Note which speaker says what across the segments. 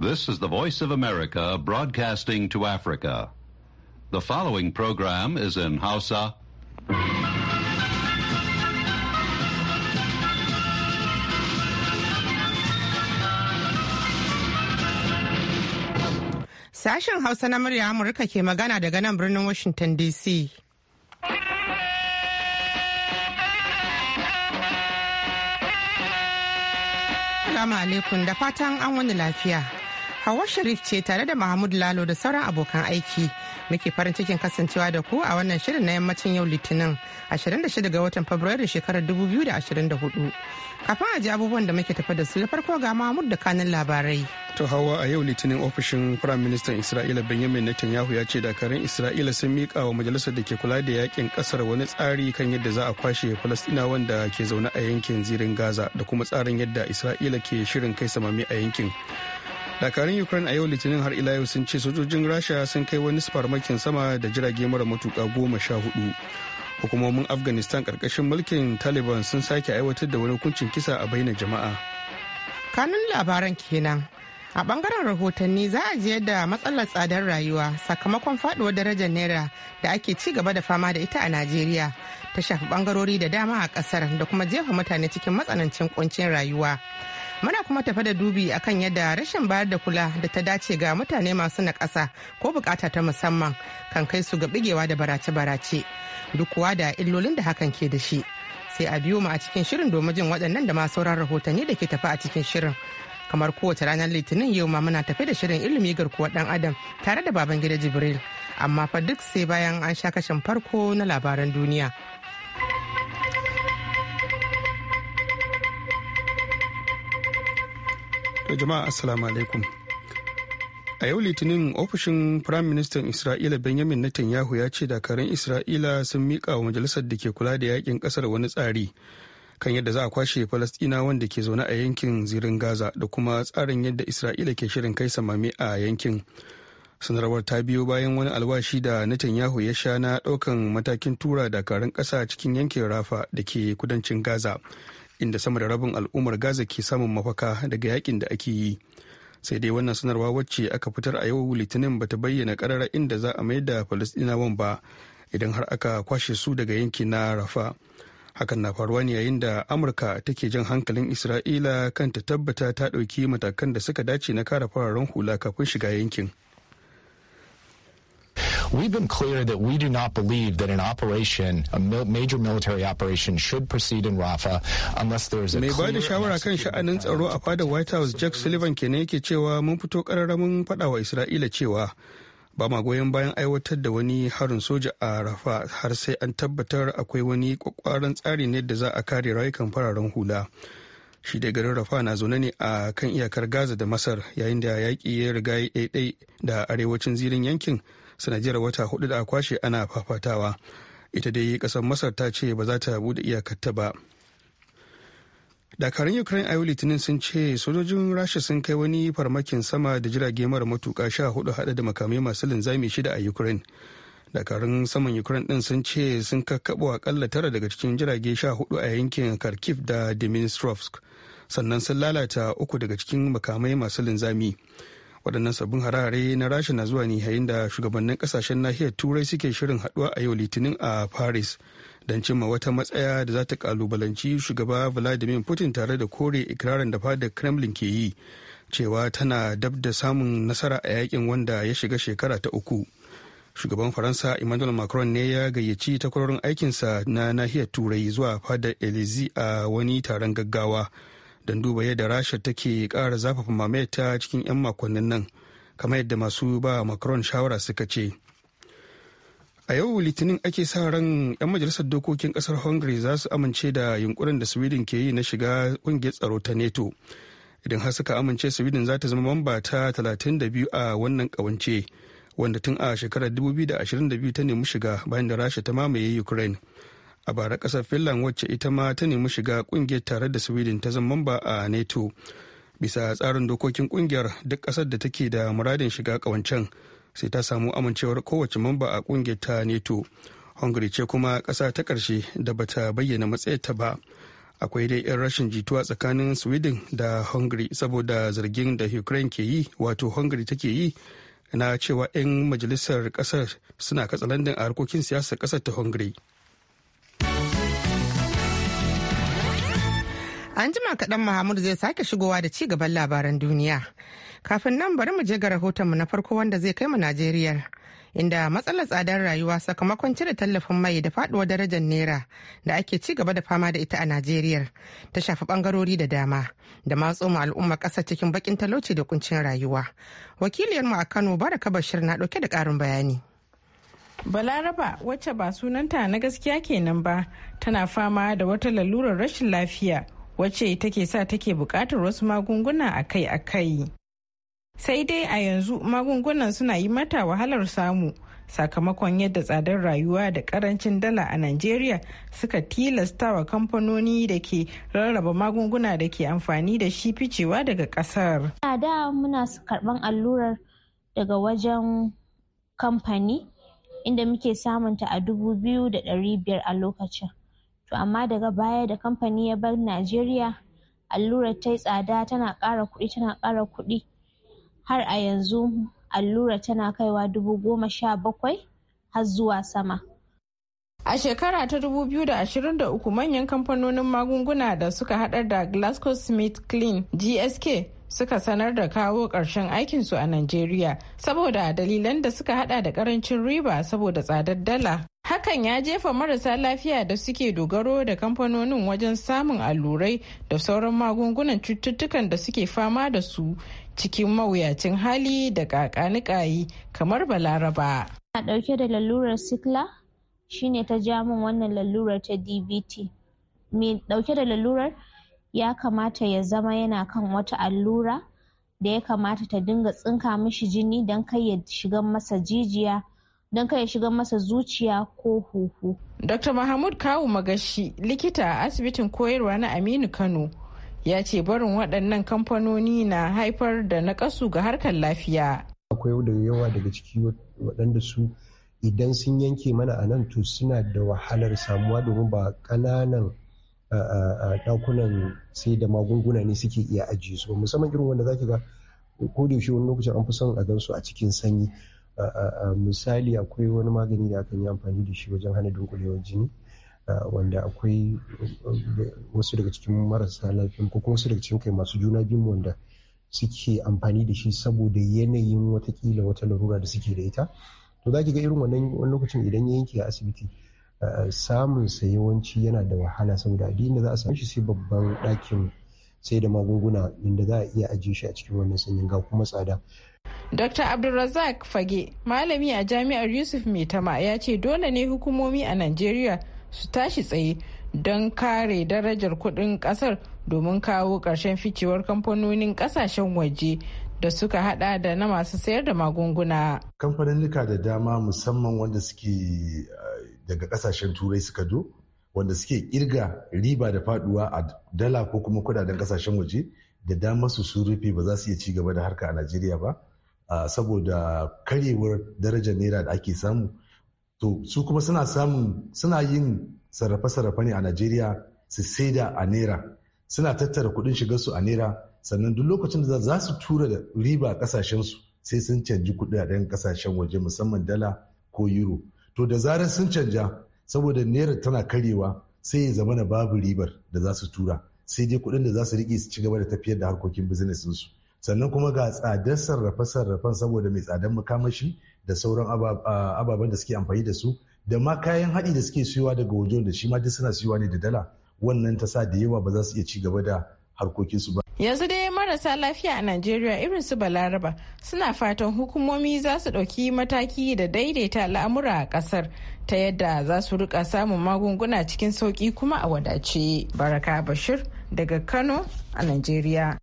Speaker 1: This is the Voice of America broadcasting to Africa. The following program is in Hausa.
Speaker 2: Sashen Hausa na murya Amurka ke magana daga nan birnin Washington DC. Assalamu alaikum da fatan an wani lafiya. Hawa Sharif ce tare da Mahmud Lalo da sauran abokan aiki. Muke farin cikin kasancewa da ku a wannan shirin na yammacin yau Litinin 26 ga watan Fabrairu shekarar 2024. Kafin a ji abubuwan da muke tafa da su da farko ga Mahmud da kanin labarai.
Speaker 3: To hawa a yau Litinin ofishin Prime Minister Isra'ila Benjamin Netanyahu ya ce dakarun Isra'ila sun miƙa wa majalisar da ke kula da yakin kasar wani tsari kan yadda za a kwashe Falastinawan da ke zaune a yankin zirin Gaza da kuma tsarin yadda Isra'ila ke shirin kai samami a yankin. dakarun ukraine a yau litinin har ila yau sun ce sojojin rasha sun kai wani farmakin sama da jirage mara matuka goma sha hudu hukumomin afghanistan karkashin mulkin taliban sun sake aiwatar da wani hukuncin kisa a bainar jama'a
Speaker 2: kanun labaran kenan a bangaren rahotanni za a ji yadda matsalar tsadar rayuwa sakamakon faduwar darajar naira da ake ci gaba da fama da ita a najeriya ta shafi bangarori da dama a kasar da kuma jefa mutane cikin matsanancin kuncin rayuwa Muna kuma tafe da dubi akan yadda rashin bayar da kula da ta dace ga mutane masu naƙasa ko bukata ta musamman kan kai su ga bigewa da barace-barace duk kuwa da illolin da hakan ke da shi. Sai a biyo mu a cikin shirin domin jin waɗannan da ma sauran rahotanni da ke tafi a cikin shirin. kamar kowace ranar litinin yau ma muna tafi da shirin ilimi garkuwar dan adam tare da baban gida jibril amma fa duk sai bayan an sha kashin farko na labaran duniya
Speaker 3: da jama'a assalamu alaikum. A yau Litinin ofishin prime minister Isra'ila Benjamin Netanyahu ya ce dakarun Isra'ila sun miƙa wa majalisar da ke kula da yakin kasar wani tsari kan yadda za a kwashe falastina wanda ke zaune a yankin zirin Gaza da kuma tsarin yadda Isra'ila ke shirin kai samami a yankin. Sanarwar ta biyo bayan wani alwashi da Netanyahu ya sha na ɗaukan matakin tura dakarun kasa cikin yankin Rafa da ke kudancin Gaza. inda sama da rabin al'ummar gaza ke samun mafaka daga yakin da ake yi sai dai wannan sanarwa wacce aka fitar a yau litinin bata bayyana karara inda za a mayar da falastinawan ba idan har aka kwashe su daga yanki na rafa hakan na faruwa ne yayin da amurka take jan hankalin isra'ila kan ta tabbata ta ɗauki matakan da suka dace na kare fararen hula kafin shiga yankin
Speaker 4: We've been clear that we do not believe that an operation, a major military operation, should proceed in Rafah unless there is a. Mai ba da
Speaker 3: shawara kan sha'anin tsaro a fada White House Jack Sullivan kenan yake cewa mun fito kararramin fada wa Isra'ila cewa ba ma goyon bayan aiwatar da wani harin soja a rafa har sai an tabbatar akwai wani kwakwaran tsari ne da za a kare rayukan fararen hula shi da garin rafa na zaune ne a kan iyakar gaza da masar yayin da yaƙi ya riga ya ɗaiɗai da arewacin zirin yankin sanadiyar wata hudu da kwashe ana fafatawa ita dai kasar masar ta ce ba za ta bude iyakarta ba dakarun ukraine ayo litinin sun ce sojojin rasha sun kai wani farmakin sama da jirage mara matuka sha hudu hada da makamai masu linzami shida a ukraine dakarun saman ukraine din sun ce sun kakkaɓo akalla tara daga cikin jirage sha hudu a yankin kharkiv da dimitrovsk sannan sun lalata uku daga cikin makamai masu linzami waɗannan sabbin harare na rasha na zuwa ne yayin da shugabannin kasashen nahiyar turai suke shirin haɗuwa a yau litinin a paris don cimma wata matsaya da za ta kalubalanci shugaba vladimir putin tare da kore ikirarin da fadar kremlin ke yi cewa tana dab da samun nasara a yakin wanda ya shiga shekara ta uku shugaban faransa emmanuel macron ne ya gayyaci takwarorin aikinsa na nahiyar turai zuwa fadar elysee a wani taron gaggawa don duba yadda rasha take kara zafafa mamayata cikin 'yan makonnin nan kamar yadda masu ba macron shawara suka ce a yau litinin ake sa ran 'yan majalisar dokokin kasar hungary za su amince da yunkurin da sweden ke yi na shiga kungiyar tsaro ta neto idan har suka amince sweden za ta zama mamba ta 32 a wannan kawance wanda tun a shekarar 2022 ta nemi shiga bayan da rasha ta mamaye ukraine a bara kasar finland wacce ita ma ta nemi shiga kungiyar tare da sweden ta zama mamba a nato bisa tsarin dokokin kungiyar duk kasar da take da muradin shiga kawancen sai ta samu amincewar kowace mamba a kungiyar ta nato hungary ce kuma kasa ta karshe da bata bayyana matsayarta ba akwai dai 'yan rashin jituwa tsakanin sweden da hungary saboda zargin da ukraine ke yi wato hungary take yi na cewa 'yan majalisar kasar suna katsalandin a harkokin siyasar kasar ta hungary
Speaker 2: An jima kaɗan Mahamud zai sake shigowa da ci gaban labaran duniya. Kafin nan bari mu je ga rahotonmu na farko wanda zai kai mu Najeriya. Inda matsalar tsadar rayuwa sakamakon cire tallafin mai da faɗuwar darajar naira da ake ci gaba da fama da ita a Najeriya ta shafi bangarori da dama da matso al'umma ƙasa cikin bakin talauci da kuncin rayuwa. Wakiliyarmu a Kano Baraka Bashir na ɗauke
Speaker 5: da ƙarin bayani. Balaraba wacce ba sunanta na gaskiya kenan ba tana fama da wata lalurar rashin lafiya wacce take sa take buƙatar wasu magunguna akai-akai. Sai dai a yanzu magungunan suna yi mata wahalar samu sakamakon yadda tsadar rayuwa da karancin dala a Najeriya suka tilasta wa kamfanoni da ke rarraba magunguna da ke amfani da shi ficewa daga ƙasar. da muna karban allurar daga wajen kamfani inda muke samunta a dubu biyu da ɗari biyar a lokacin. to amma daga baya da kamfani ya bar Najeriya allurar ta tsada tana ƙara kuɗi tana ƙara kuɗi har a yanzu allurar tana kaiwa dubu goma sha bakwai har zuwa sama. A shekara ta 2023 manyan kamfanonin magunguna da suka haɗar da smith GlaxoSmithKline GSK suka sanar da kawo ƙarshen aikinsu a Najeriya saboda dalilan da suka hada da ƙarancin riba saboda tsadar dala. Hakan ya jefa marasa lafiya da suke dogaro da kamfanonin wajen samun allurai da sauran magungunan cututtukan da suke fama da su cikin mawuyacin hali da kakanikayi kamar balaraba. A ɗauke da lalurar sikla shine ta ja min wannan lalurar ta DBT. Me ɗauke da lalurar ya kamata ya zama yana kan wata allura da ya kamata ta dinga tsinka mishi jini don kai ya shiga masa jijiya don kai ya shiga masa zuciya ko huhu. Dr. Mahmud Kawu Magashi likita a asibitin koyarwa na Aminu Kano ya ce barin waɗannan kamfanoni na haifar da naƙasu ga harkar lafiya.
Speaker 6: Akwai da yawa daga ciki waɗanda su idan sun yanke mana a nan to suna da wahalar samuwa domin ba ƙananan ɗakunan sai da magunguna ne suke iya ajiye su musamman irin wanda zaki ga ko da yaushe wani lokacin an fi son a gansu a cikin sanyi misali akwai wani magani da aka yi amfani da shi wajen hana dunkulewar jini wanda akwai wasu daga cikin marasa lafiya ko kuma wasu daga cikin kai masu juna biyu wanda suke amfani da shi saboda yanayin watakila wata larura da suke da ita to zaki ga irin wannan lokacin idan ya yanke a asibiti Eh, samun sa yawanci yana da wahala saboda addinin da za a samu shi sai babban ɗakin sai da magunguna inda za a iya ajiye shi a cikin wannan sanyin ga kuma tsada.
Speaker 5: Dr. Abdulrazak Fage, malami a jami'ar Yusuf Maitama ya ce dole ne hukumomi a Najeriya su tashi tsaye don kare darajar kuɗin ƙasar domin kawo ƙarshen ficewar kamfanonin ƙasashen waje da suka hada da na masu sayar da magunguna.
Speaker 4: Kamfanin da dama musamman wanda suke eh, daga kasashen turai suka zo wanda suke kirga riba da faduwa a dala ko kuma kudaden kasashen waje da dama su sun rufe ba za su iya ci gaba da harka a najeriya ba saboda karewar darajar naira da ake samu to su kuma suna samun suna yin sarrafe-sarrafe ne a najeriya su saida a naira suna tattara kudin su a naira sannan duk lokacin da za su tura da riba a kasashen su sai sun canji kudaden kasashen waje musamman dala ko euro to da zarar sun canja saboda naira tana karewa sai ya zama na babu ribar da za su tura sai dai kuɗin da za su riƙe su ci gaba da tafiyar da harkokin su sannan kuma ga tsadar sarrafe-sarrafen saboda mai tsadar makamashi da sauran ababen da suke amfani da su da ma kayan haɗi da suke siyowa daga wajen da shi ma duk suna siyowa ne da dala wannan ta sa da yawa ba za su iya ci gaba da harkokinsu ba
Speaker 5: yanzu dai marasa lafiya a najeriya irin su balaraba suna fatan hukumomi za su ɗauki mataki da daidaita al'amura a ƙasar ta yadda za su rika samun magunguna cikin sauƙi kuma a wadace baraka bashir daga kano a najeriya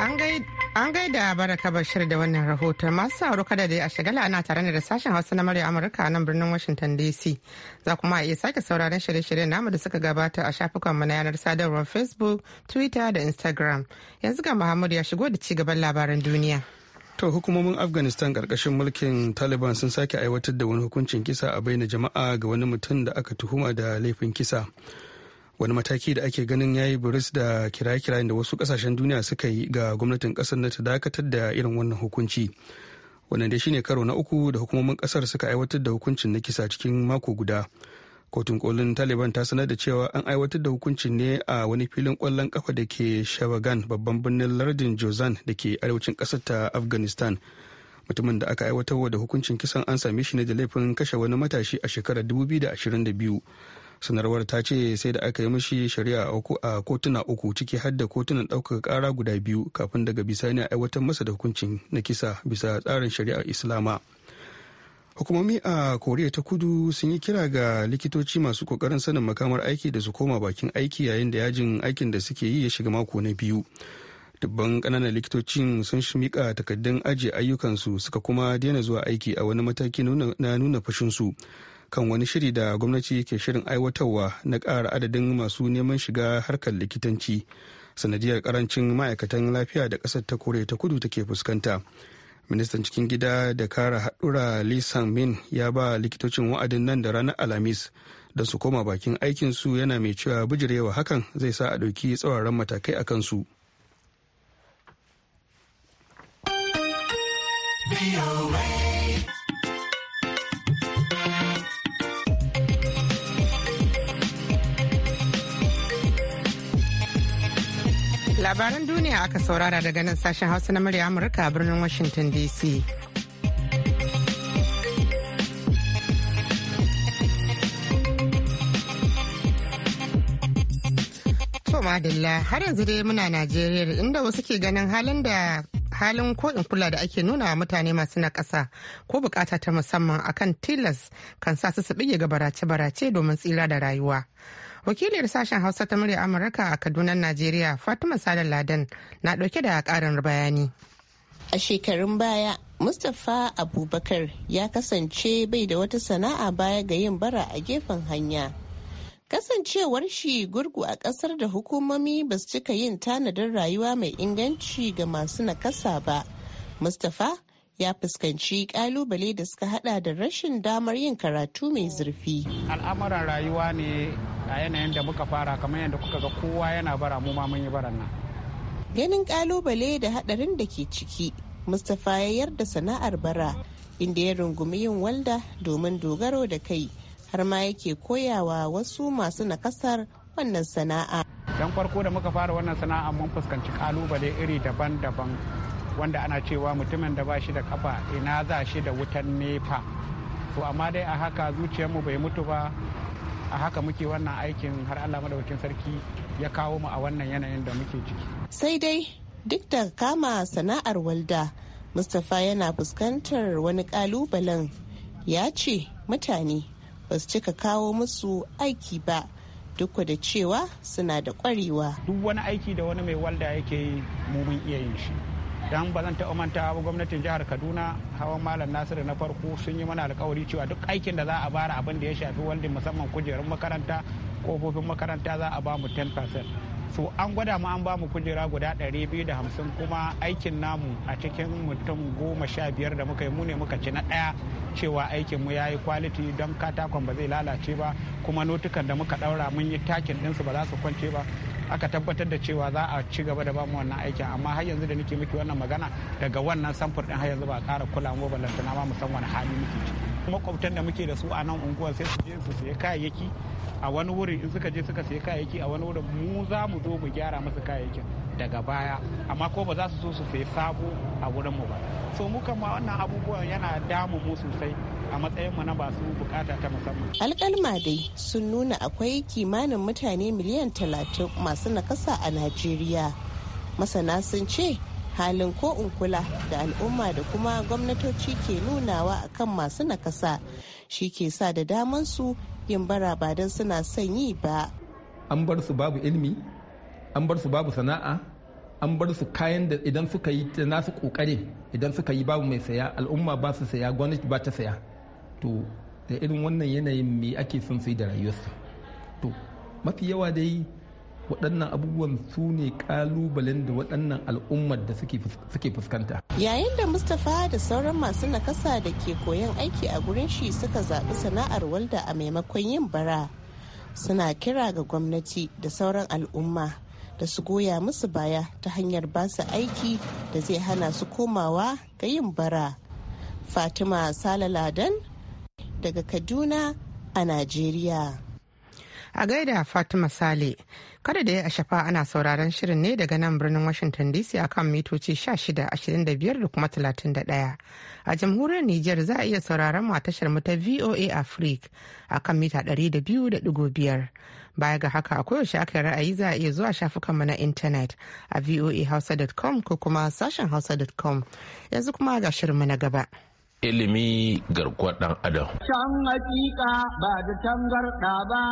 Speaker 5: an
Speaker 2: An gaida baraka bashir da wannan rahoton masu sauro kada da a shagala ana tare da sashen hausa na murya Amurka a nan birnin Washington DC. Za kuma a iya sake sauraron shirye-shiryen namu da suka gabata a shafukan mu na yanar sadarwar Facebook, Twitter da Instagram. Yanzu ga Muhammadu ya shigo da ci gaban labaran duniya.
Speaker 3: To hukumomin Afghanistan karkashin mulkin Taliban sun sake aiwatar da wani hukuncin kisa a baina jama'a ga wani mutum da aka tuhuma da laifin kisa. wani mataki da ake ganin ya yi buris da kiraye-kirayen da wasu kasashen duniya suka yi ga gwamnatin kasar na ta dakatar da irin wannan hukunci wannan dai shine karo na uku da hukumomin kasar suka aiwatar da hukuncin na kisa cikin mako guda kotun kolin taliban ta sanar da cewa an aiwatar da hukuncin ne a wani filin kwallon kafa da ke shabagan babban birnin lardin jozan da ke arewacin kasar ta afghanistan mutumin da aka aiwatar da hukuncin kisan an same shi ne da laifin kashe wani matashi a shekarar 2022 sanarwar ta ce sai da aka yi mishi shari'a a kotuna uku ciki har da kotunan ɗaukaka ƙara guda biyu kafin daga bisani a aiwatar masa da hukuncin na kisa bisa tsarin shari'ar islama hukumomi a koriya ta kudu sun yi kira ga likitoci masu kokarin sanin makamar aiki da su koma bakin aiki yayin da yajin aikin da suke yi ya shiga mako na biyu dubban kananan likitocin sun mika takaddun ajiye ayyukansu suka kuma daina zuwa aiki a wani mataki na nuna fashinsu kan wani shiri da gwamnati ke shirin aiwatarwa na ƙara adadin masu neman shiga harkar likitanci sanadiyar karancin ma'aikatan lafiya da ƙasar ta kore ta kudu take fuskanta ministan cikin gida da kara haɗura lisan min ya ba likitocin wa'adin nan da ranar alhamis da su koma bakin aikin su yana mai cewa bijirewa hakan zai sa a ɗauki tsawaran matakai a kansu.
Speaker 2: labaran duniya aka saurara daga nan sashen hausa na murya amurka a birnin washington dc madalla har yanzu dai muna najeriya inda wasu ke ganin halin da halin ko kula da ake nuna wa mutane masu na ƙasa ko bukata ta musamman akan tilas kan sa su su bige ga barace-barace domin tsira da rayuwa wakiliyar sashen hausa ta murya amurka a kaduna najeriya fatima salin Ladan, na dauke da karin
Speaker 1: bayani a shekarun baya mustapha abubakar ya kasance bai da wata sana'a baya ga yin bara a gefen hanya kasancewar shi gurgu a ƙasar da hukumomi ba su cika yin tanadin rayuwa mai inganci ga masu nakasa ba mustapha ya fuskanci kalubale da suka hada da rashin damar yin karatu mai zurfi.
Speaker 6: Al'amuran rayuwa ne a yanayin da muka fara kamar yadda kuka ga kowa yana bara mu ma mun yi baran nan.
Speaker 1: Ganin kalubale da hadarin da ke ciki, Mustapha ya yarda sana'ar bara inda ya rungumi yin walda domin dogaro da kai har ma yake koyawa wasu masu nakasar
Speaker 6: wannan sana'a. Dan farko da muka fara wannan sana'a mun fuskanci kalubale iri daban-daban wanda ana cewa mutumin da ba shi da kafa ina za shi da wutan nefa to amma dai a haka zuciyarmu bai mutu ba a haka muke wannan aikin har allah madawakin sarki ya kawo mu a wannan yanayin da muke ciki
Speaker 1: sai dai duk da kama sana'ar walda mustapha yana fuskantar wani kalubalen ya ce mutane ba su cika kawo musu aiki ba duk da
Speaker 6: cewa suna da kwarewa duk wani aiki da wani mai walda yake yi mu mun iya yin shi dan ba zan taɓa manta ba gwamnatin jihar kaduna hawan malam nasiru na farko sun yi mana alkawari cewa duk aikin da za a bara abin da ya shafi wanda musamman kujerun makaranta kofofin makaranta za a ba mu 10% so an gwada mu an ba mu kujera guda 250 kuma aikin namu a cikin mutum goma sha biyar da muka yi mune muka ci na ɗaya cewa aikin mu yayi kwaliti don katakon ba zai lalace ba kuma notukan da muka ɗaura mun yi takin ɗinsu ba za su kwance ba aka tabbatar da cewa za a ci gaba da bamu wannan aikin amma har yanzu da nake miki wannan magana daga wannan samfur din har yanzu ba a ƙara kula mu ballantana ma musamman hali muke ciki makwabtan da muke da su a nan unguwar sai su je su sayi kayayyaki a wani wuri in suka je suka sayi kayayyaki a wani wurin mu za mu zo mu gyara masa kayayyakin daga baya amma ko ba za su zo su sai sabo a wurin mu ba so muka ma wannan abubuwan yana damu mu sosai a matsayin mu na ba su bukata ta musamman
Speaker 1: alƙalma dai sun nuna akwai kimanin mutane miliyan talatin masu nakasa a najeriya masana sun ce halin ko unkula da al'umma da kuma gwamnatoci ke nunawa akan masu nakasa shi ke sa da damansu yin bara ba don suna son yi ba
Speaker 7: an bar su babu ilimi an bar su babu sana'a an bar su kayan da idan suka yi nasu kokare idan suka yi babu mai saya al'umma ba su saya gwamnati ba ta saya to da irin wannan yanayin me ake son su yi da rayuwarsu to mafi yawa dai waɗannan abubuwan su ne kalubalen da waɗannan al'ummar da suke fuskanta.
Speaker 1: Yayin da Mustapha da sauran masu nakasa da ke koyan aiki a gurin shi suka zaɓi sana'ar walda a maimakon yin bara suna kira ga gwamnati da sauran al'umma da su goya musu baya ta hanyar ba su aiki da zai hana su komawa ga yin bara. Fatima Sala Ladan daga Kaduna a Najeriya. A gaida Fatima
Speaker 2: Sale, kada da ya a shafa ana sauraron shirin ne daga nan birnin Washington DC a kan mitoci 16, 25 da kuma 31. A jamhuriyar Nijar za a iya sauraron mu a tashar mu ta VOA Africa kan mita 200.5. Baya ga haka a koyaushe aka ra'ayi za a iya zuwa shafukanmu na intanet a voahausa.com ko kuma sashen
Speaker 1: hausa.com.
Speaker 2: Yanzu kuma ga shirinmu na gaba.
Speaker 8: ilimi garkuwar dan
Speaker 5: adam.
Speaker 6: Can hakika ba da tangarɗa ba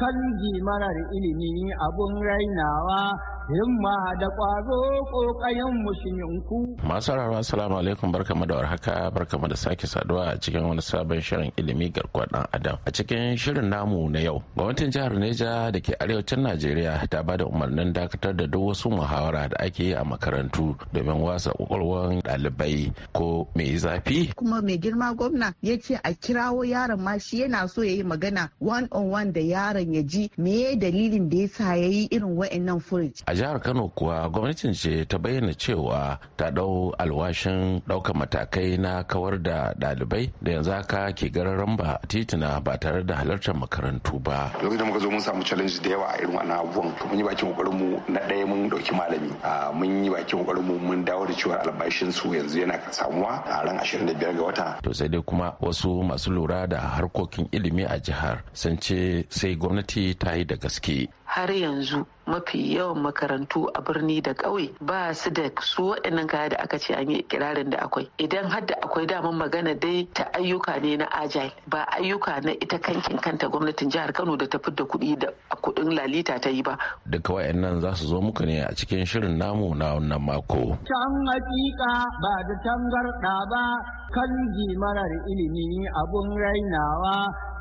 Speaker 6: kan marar ilimi abun rainawa himma da ƙwazo ƙoƙayen musulunku.
Speaker 8: Masu rarwa salamu alaikum barkamu da warhaka barkamu da sake saduwa a cikin wani sabon shirin ilimi garkuwar dan adam. A cikin shirin namu na yau, gwamnatin jihar Neja da ke arewacin Najeriya ta ba da umarnin dakatar da duk wasu muhawara da ake yi a makarantu domin wasa ƙwaƙwalwar ɗalibai ko mai zafi.
Speaker 1: kuma mai girma gwamna ya ce a kirawo yaron ma shi yana so ya yi magana one on one da yaron ya ji meye dalilin da ya sa ya yi irin wa'annan furij.
Speaker 8: A jihar Kano kuwa gwamnatin ce ta bayyana cewa ta dau alwashin ɗaukar matakai na kawar da dalibai da yanzu haka ke gararan ba titina ba tare da halartar makarantu ba.
Speaker 7: Lokacin da muka zo mun samu challenge da yawa a irin wannan abubuwan mun yi bakin kokarin mu na ɗaya mun ɗauki malami ah, mun yi bakin kokarin mu mun dawo da cewa albashin su yanzu yana samuwa a ran 25 ga wata.
Speaker 8: To sai dai kuma wasu masu lura da harkokin ilimi a jihar sun ce sai gwamnati ta yi da gaske.
Speaker 9: har yanzu mafi yawan makarantu a birni da ƙauye ba su da su waɗannan kaya da aka ce an yi ikirarin da akwai idan har da akwai daman magana dai ta ayyuka ne na agile ba ayyuka na ita kankin kanta gwamnatin jihar kano da ta da kuɗi da kuɗin lalita ta yi ba.
Speaker 8: Duka nan za su zo muku ne a cikin shirin namu na wannan mako. Can
Speaker 6: hakika ba da tangarɗa ba kan marar ilimi abun rainawa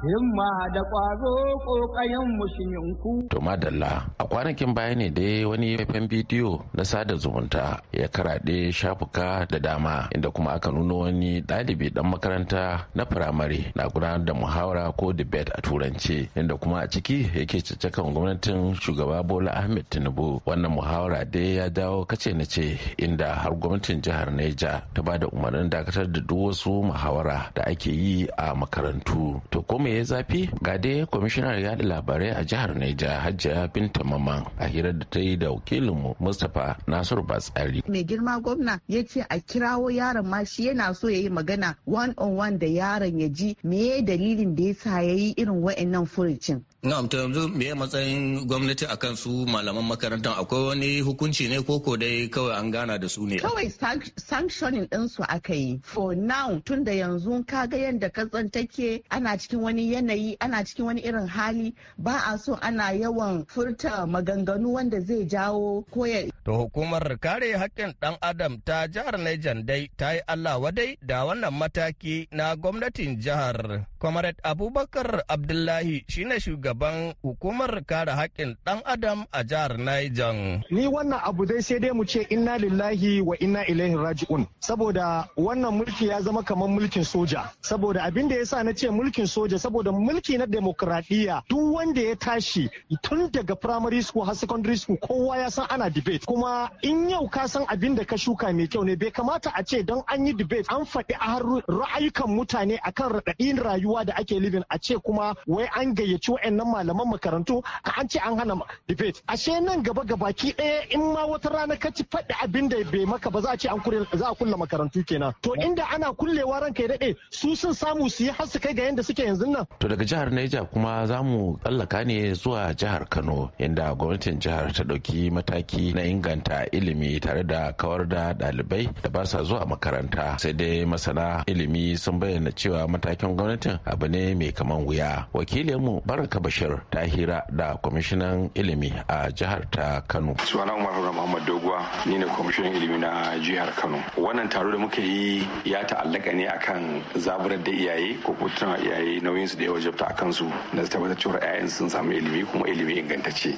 Speaker 6: himma da ƙwazo ƙoƙayen mushiminku. To
Speaker 8: madalla a kwanakin baya ne dai wani faifan bidiyo na sada zumunta ya karaɗe shafuka da dama inda kuma aka nuna wani ɗalibi ɗan makaranta na firamare na gudanar da muhawara ko debate a turance inda kuma a ciki yake caccakan gwamnatin shugaba Bola Ahmed Tinubu wannan muhawara dai ya dawo kace na ce inda har gwamnatin jihar Neja ta ba da umarnin dakatar da duk wasu muhawara da ake yi a makarantu. To ko ya yi zafi ga dai kwamishinar yada labarai a jihar Naija hajja Binta mamman a hirar da ta yi da wakilinmu Mustapha Nasiru Batsari.
Speaker 1: Mai girma gwamna ya ce a kirawo yaron ma shi yana so ya yi magana one on one da yaron ya ji me dalilin da ya sa ya yi irin wa'annan furucin.
Speaker 3: Na'am ta yanzu me ya matsayin gwamnati akan su malaman makarantar akwai wani hukunci ne ko dai kawai an gana da su ne. Kawai
Speaker 1: sanctioning ɗinsu aka yi. For now tunda yanzu ka ga yadda ka take ana cikin wani wani yanayi ana cikin wani irin hali ba a so ana yawan furta maganganu wanda zai jawo koya.
Speaker 3: To hukumar kare hakkin ɗan adam ta jihar Niger dai ta yi Allah wadai da wannan mataki na gwamnatin jihar. Comrade Abubakar Abdullahi shine shugaban hukumar kare haƙƙin ɗan Adam a jihar Niger.
Speaker 7: Ni wannan abu dai sai dai mu ce inna lillahi wa inna ilaihi raji'un saboda wannan mulki ya zama kamar mulkin soja saboda abin da yasa na ce mulkin soja saboda mulki na demokradiyya duk wanda ya tashi tun daga primary school har secondary school kowa ya san ana debate kuma in yau ka san abin da ka shuka mai kyau ne bai kamata a ce don an yi debate an faɗi a ra'ayukan mutane akan raɗaɗin rayuwa rayuwa da ake living a ce kuma wai an gayyaci wa'annan malaman makarantu ka an ce an hana debate ashe nan gaba gabaki ɗaya in ma wata rana ka ci faɗi abin da bai maka ba za a ce an za a kulle makarantu kenan to inda ana kullewa ranka ya daɗe su sun samu su yi har su kai
Speaker 4: ga yanda suke yanzu nan
Speaker 8: to daga jihar Niger kuma zamu mu tsallaka ne zuwa jihar Kano inda gwamnatin jihar ta ɗauki mataki na inganta ilimi tare da kawar da ɗalibai da ba sa zuwa makaranta sai dai masana ilimi sun bayyana cewa matakin gwamnatin abu ne mai kaman wuya wakilinmu baraka bashir ta hira da kwamishinan ilimi
Speaker 7: a jihar ta kano suna umar hura muhammad doguwa ni ne kwamishinan ilimi na jihar kano wannan taro da muka yi ya ta'allaka ne akan zaburar da iyaye ko kuma iyaye nauyin su da yawa jabta akan su da tabbatar cewa ƴaƴan sun samu ilimi kuma ilimi ingantacce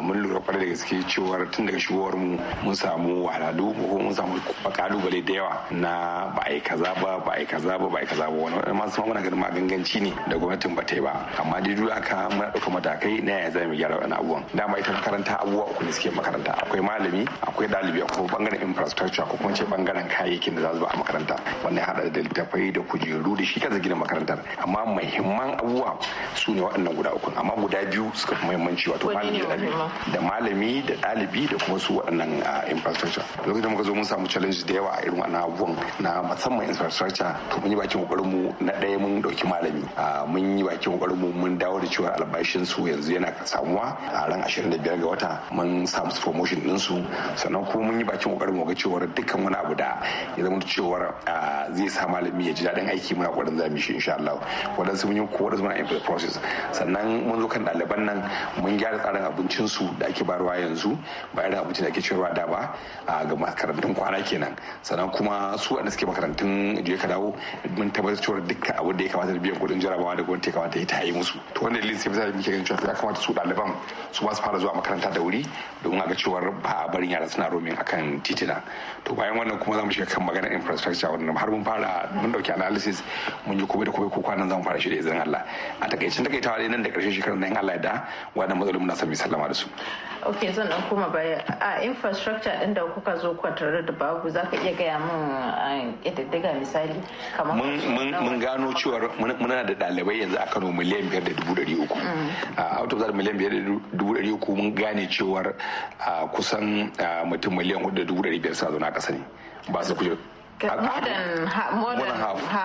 Speaker 7: mun lura kwarai da gaske cewa tun daga shigowar mu mun samu wahalhalu ko mun samu kalubale da yawa na ba yi kaza ba ba kaza ba ba kaza ba wani masu mamana ganin inganci ne da gwamnatin ba ta yi ba amma dai duk aka muna ɗauka matakai na yaya za mu gyara wannan abubuwan dama ita makaranta abubuwa uku ne suke makaranta akwai malami akwai ɗalibi akwai bangaren infrastructure ko kuma ce bangaren kayayyakin da za su ba a makaranta wannan haɗa da littafai da kujeru da shi kansa gina makarantar amma muhimman abubuwa su ne waɗannan guda uku amma guda biyu suka fi muhimmanci wato malami da ɗalibi da malami da ɗalibi da kuma su waɗannan infrastructure lokacin da muka zo mun samu challenge da yawa a irin wannan abubuwan na musamman infrastructure to mun yi bakin kokarin mu na ɗaya mun ɗauki malami ah, mun yi bakin kokarin mu mun dawo da cewa albashin su yanzu yana samuwa a ran 25 ga wata mun samu su promotion din su sannan kuma mun yi bakin kokarin mu ga cewa dukkan wani abu da ya zama cewa ah, zai sa malami ya ji dadin aiki muna kokarin za mu shi insha Allah wadansu mun yi kokarin zuwa in process sannan mun zo kan daliban nan mun gyara tsarin abincin su da ake barwa yanzu ba irin abincin da ake cewa da ba ah, ga makarantun kwana kenan sannan kuma su waɗanda suke makarantun je ka dawo mun tabbatar cewa dukkan abu da ya kamata da biyan kudin jarabawa da gwamnati kamata ita yi musu to wannan dalilin sai mutane muke ganin cewa ya kamata su ɗaliban su ba su fara zuwa makaranta da wuri domin a ga cewa ba a barin yara suna romin akan titina to bayan wannan kuma za mu shiga kan maganar infrastructure wannan har mun fara mun dauki analysis mun yi kuma da kuma ko kwanan zan fara shi da izinin Allah a takaicin takaitawa dai nan da karshen shekarar nan Allah ya da wannan matsalolin muna son mu sallama da su
Speaker 5: ok zan kuma koma baya a infrastructure din da kuka zo kwatarar da babu za ka iya gaya min ƙididdiga misali
Speaker 7: kamar mun gano cewar muna da dalibai yanzu a kano miliyan biyar da dubu dari uku mm. a auto zara miliyan biyar da dubu dari uku mun gane cewar kusan mutum miliyan hudu da dubu dari biyar sa zaune a ƙasa ne ba su kujo
Speaker 9: more than half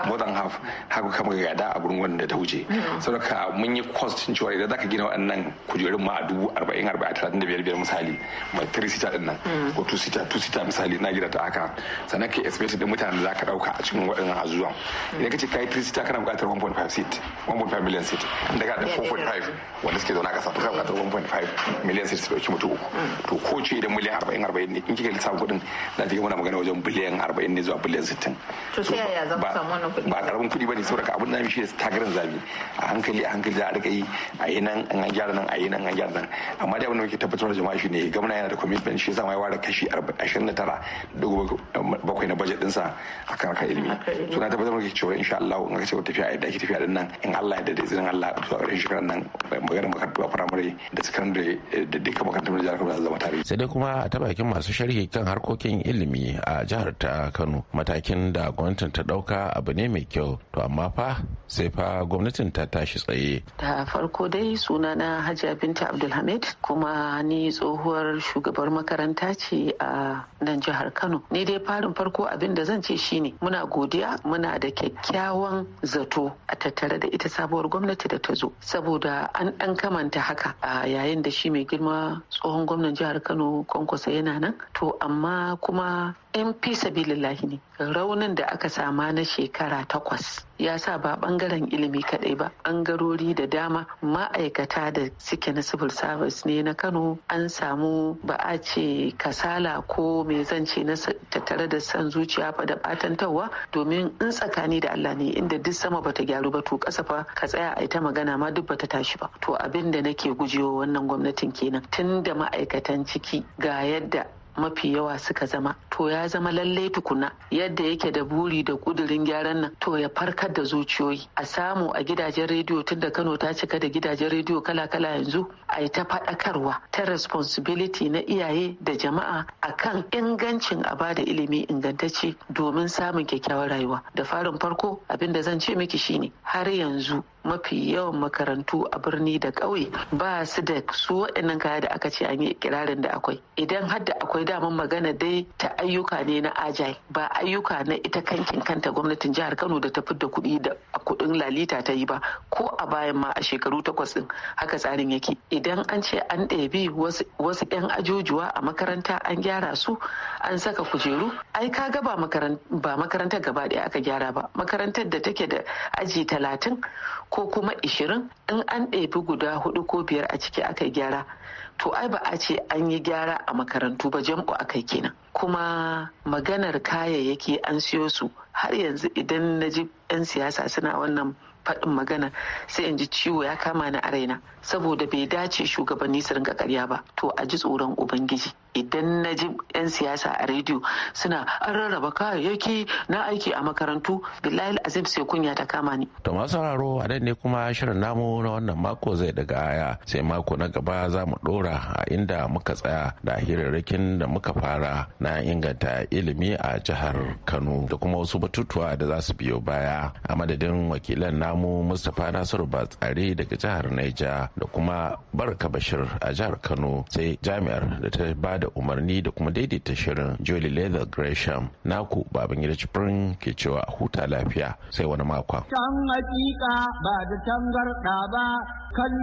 Speaker 7: more than half haka kama gada a gurin wanda ta wuce hmm. saboda mun yi cost din cewa idan zaka gina waɗannan kujerun ma a dubu arba'in arba'in talatin da biyar biyar misali mai three sita din nan hmm. ko two sita two sita misali na gida ta haka sannan ka expect din mutanen da zaka dauka a cikin waɗannan azuwan hmm. idan ka ce kai three sita kana buƙatar 1.5 seat 1.5 million seat inda ka da 4.5 wanda suke zauna ka ƙasa kana buƙatar 1.5 million seat su ɗauki mutu uku to ko ce idan miliyan arba'in arba'in ne in kika lissafin kuɗin za ta yi mana magana wajen biliyan arba'in ne zuwa biliyan sittin.
Speaker 5: to sai yaya za ku samu wannan kuɗi ba
Speaker 7: karamin kuɗi ba ne saboda abin da shi ne tagarin zabi a hankali a hankali za a rika yi a yi nan an gyara nan a yi nan an gyara nan amma da abin da muke tabbatar da jama'a shi ne gwamna yana da commitment shi yasa ya ware kashi ashirin da tara um, bakwai na budget ɗinsa a kan harkar ilimi suna tabbatar muke cewa insha Allah in aka ce tafiya a yadda ake tafiya din nan in Allah ya da izinin Allah zuwa ƙarshen shekarar nan magana makarantu a
Speaker 8: firamare da sakandare eh, da duka makarantun da jihar Kano zama tare sai dai kuma ta bakin masu sharhi kan harkokin ilimi a jihar ta Kano matakin da gwamnatin ta dauka abu ne mai kyau to amma fa sai fa gwamnatin ta tashi tsaye
Speaker 9: da farko dai suna na hajiya binta abdulhamid kuma ni tsohuwar shugabar makaranta ce a nan jihar kano ni dai farin farko abin da zan ce shine muna godiya muna da kyakkyawan zato a tattare da ita sabuwar gwamnati da ta zo saboda an dan kamanta haka a yayin da shi mai girma tsohon gwamnan jihar kano kwankwasa yana nan to amma kuma yan fi sabilillahi ne raunin da aka sama na shekara takwas ya sa ba bangaren ilimi kadai ba bangarori da dama ma'aikata da suke na civil service ne na kano an samu ba a ce kasala ko mai zance na tattare da san zuciya da batantawa domin in tsakani da allah ne inda duk sama bata gyaru ba to kasa fa ka tsaya a ita magana ma duk bata tashi ba to abin da nake gujewa wannan gwamnatin kenan tun da ma'aikatan ciki ga yadda mafi yawa suka zama to ya zama lallai tukuna yadda yake da buri da kudirin gyaran nan to ya farkar da zuciyoyi a samu a gidajen rediyo tun da kano ta cika da gidajen rediyo kala-kala yanzu a yi ta faɗakarwa ta responsibility na iyaye da jama'a a kan ingancin a bada ilimi ingantacce domin samun kyakkyawar rayuwa da farin farko abin da zan ce miki shine har yanzu mafi yawan makarantu a birni da kauye ba su da su waɗannan kaya da aka ce an yi ikirarin da akwai idan har da akwai damar magana dai ta ayyuka ne na ajai ba ayyuka na ita kankin kanta gwamnatin jihar kano da ta fidda kuɗi da kuɗin lalita ta yi ba ko a bayan ma a shekaru takwas ɗin haka tsarin yake idan an ce an ɗebi wasu 'yan ajujuwa a makaranta an gyara su an saka kujeru ai ka ga ba makarantar gaba ɗaya aka gyara ba makarantar da take da aji talatin ko kuma ishirin in an ɗebi guda hudu ko biyar a ciki aka gyara to ai ba a ce an yi gyara a makarantu ba jam'u akai kenan kuma maganar kayayyaki an siyo su har yanzu idan na ji 'yan siyasa suna wannan faɗin magana sai in ji ciwo ya kama ni a raina saboda bai dace shugabanni su ringa karya ba to a ji tsoron ubangiji idan na ji 'yan siyasa a rediyo suna an rarraba kayayyaki na aiki a makarantu bilal azim sai kunya ta kama ni.
Speaker 8: to masu sauraro a nan ne kuma shirin namu na wannan mako zai daga aya sai mako na gaba za mu dora a inda muka tsaya da hirarrakin da muka fara na inganta ilimi a jihar kano da kuma wasu batutuwa da za su biyo baya a madadin wakilan namu mustapha nasiru tsare daga jihar naija da kuma barka bashir a jihar kano sai jami'ar da ta ba da umarni da kuma daidaita shirin Jolly Leather Gresham naku baban gida Jibrin ke cewa huta lafiya sai wani makon.
Speaker 6: Can hakika ba da tangarda ba kan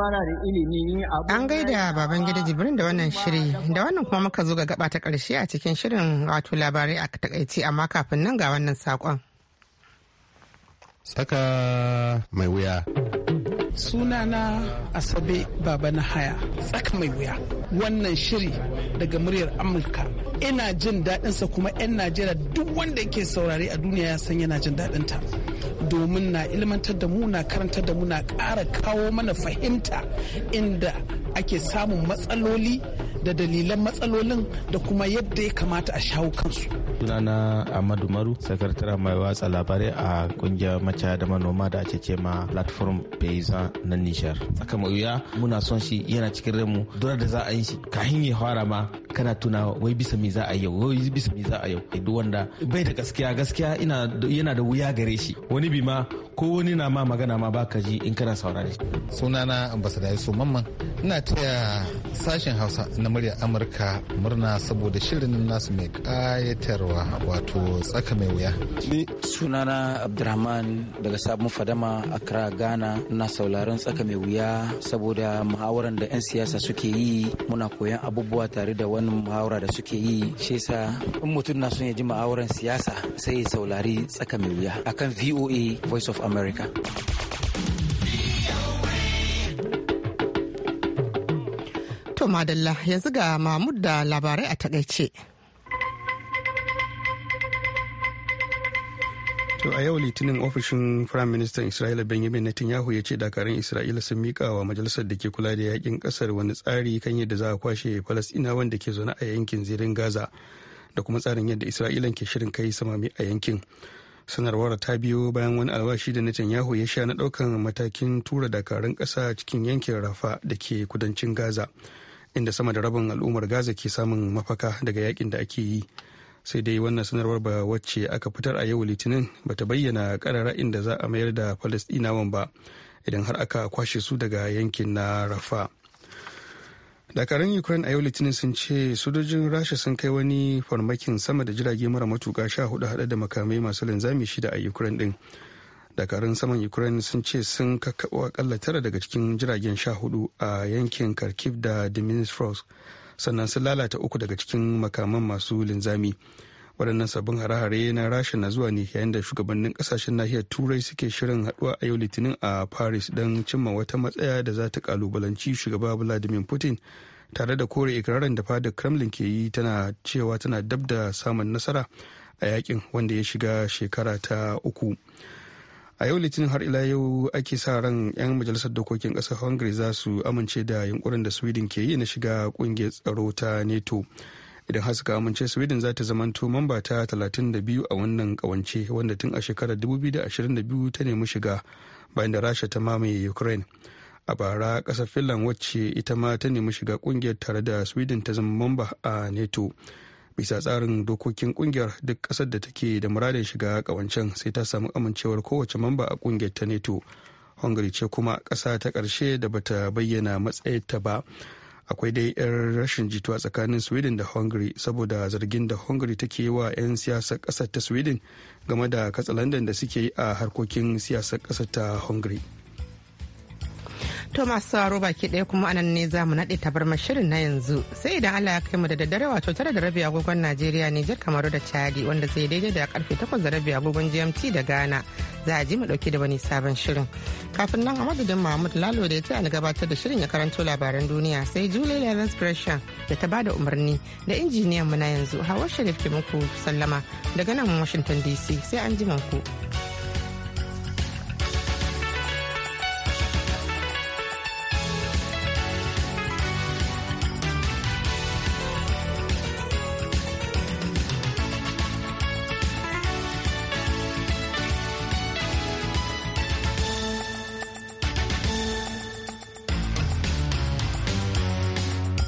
Speaker 6: marar ilimi An gaida baban
Speaker 2: gida Jibrin da wannan shiri da wannan kuma muka zo ga gaba ta karshe a cikin shirin wato labarai a takaici amma kafin nan ga wannan sakon.
Speaker 4: Saka mai wuya.
Speaker 6: sunana asabe baba na haya tsak mai wuya wannan shiri daga muryar amurka ina jin daɗinsa kuma 'yan najeriya duk wanda yake saurare a duniya ya san yana jin daɗinta domin na ilmantar da mu na karantar da mu na ƙara kawo mana fahimta inda ake samun matsaloli da dalilan matsalolin da kuma yadda ya kamata a shawo kansu.
Speaker 8: Sunana Ahmadu Maru, sakataren mai watsa labarai a kungiyar macaya da manoma da ake ce ma platform Paysan na Nishar. Saka mai wuya muna son shi yana cikin remu dole da za a yi shi kahin ya fara ma kana tuna wai bisa me za a yau wai bisa me za a yau duk wanda
Speaker 7: bai da gaskiya gaskiya ina yana da wuya gare shi wani bi ma ko wani na ma magana ma baka ji in kana saurare. Sunana ambassador Yusuf Mamman ina taya sashen hausa na murya amurka murna saboda shirin nasu mai kayatarwa wato tsaka mai wuya
Speaker 8: ni sunana abdurrahman daga sabon fadama accra ghana na sauraron tsaka mai wuya saboda muhawaran da 'yan siyasa suke yi
Speaker 6: muna koyan abubuwa tare da wani muhawara da suke yi shi yasa in mutum na son ya ji muhawaran
Speaker 9: siyasa sai ya saurari tsaka mai wuya akan voa voice of america
Speaker 2: To Madalla yanzu ga Mahmud da labarai a takaice.
Speaker 3: To a yau litinin ofishin Prime Minister Isra'ila Benjamin Netanyahu ya ce dakarun Isra'ila sun mika wa majalisar da ke kula da yakin kasar wani tsari kan yadda za a kwashe falasina wanda ke zaune a yankin zirin Gaza da kuma tsarin yadda Isra'ilan ke shirin kai samami a yankin. Sanarwar ta biyo bayan wani alwashi da Netanyahu ya sha na ɗaukan matakin tura dakarun kasa cikin yankin Rafa da ke kudancin Gaza. inda sama da rabin al'ummar gaza ke samun mafaka daga yakin da ake yi sai dai wannan sanarwar ba wacce aka fitar a yau litinin ba ta bayyana karara inda za a mayar da falastinawan ba idan har aka kwashe su daga yankin na rafa dakarun ukraine a yau litinin sun ce sojojin rasha sun kai wani farmakin sama da jirage mara matuka sha hudu hada da makamai masu linzami shida a ukraine din dakarun saman ukraine sun ce sun kakkaɓo akalla tara daga cikin jiragen sha hudu a yankin kharkiv da dimitrovsk sannan sun lalata uku daga cikin makaman masu linzami waɗannan sabbin hare-hare na rasha na zuwa ne yayin da shugabannin ƙasashen nahiyar turai suke shirin haɗuwa a yau litinin a paris don cimma wata matsaya da za ta kalubalanci shugaba vladimir putin tare da kore ikirarin da fadar kremlin ke yi tana cewa tana dab da samun nasara a yakin wanda ya shiga shekara ta uku. a yau litinin har ila yau ake sa ran 'yan majalisar dokokin ƙasar hungary za su amince da yunkurin da sweden ke yi na shiga kungiyar tsaro ta neto idan har suka amince sweden za ta zamanto mamba ta 32 a wannan kawance wanda tun a shekarar 2022 ta nemi shiga bayan da rasha ta mamaye ukraine a bara ƙasar finland wacce ita ma ta nemi shiga kungiyar tare da sweden ta zama mamba a neto bisa tsarin dokokin kungiyar duk ƙasar da take da muradin shiga kawancen sai ta samu amincewar kowace mamba a kungiyar ta neto hungary ce kuma ƙasa ta ƙarshe da bata bayyana matsayinta ba akwai dai 'yan rashin jituwa tsakanin sweden da hungary saboda zargin da hungary take yi wa 'yan siyasar kasar ta sweden game da katsalandan da suke yi a harkokin siyasar ƙasar ta hungary
Speaker 2: Thomas masu baki ɗaya kuma anan ne za mu naɗe tabarmar shirin na yanzu sai idan Allah ya kai mu da daddare wato tara da rabi agogon Najeriya Nijar Kamaru da Chadi wanda zai daidai da karfe takwas da rabi agogon GMT da Ghana za a ji mu ɗauki da wani sabon shirin. Kafin nan a madadin Mahmud Lalo da ya ce an gabatar da shirin ya karanto labaran duniya sai Julie Lawrence Gresham da ta bada umarni da injiniyan mu na yanzu hawa Sharif ke muku sallama daga nan Washington DC sai an ji ku.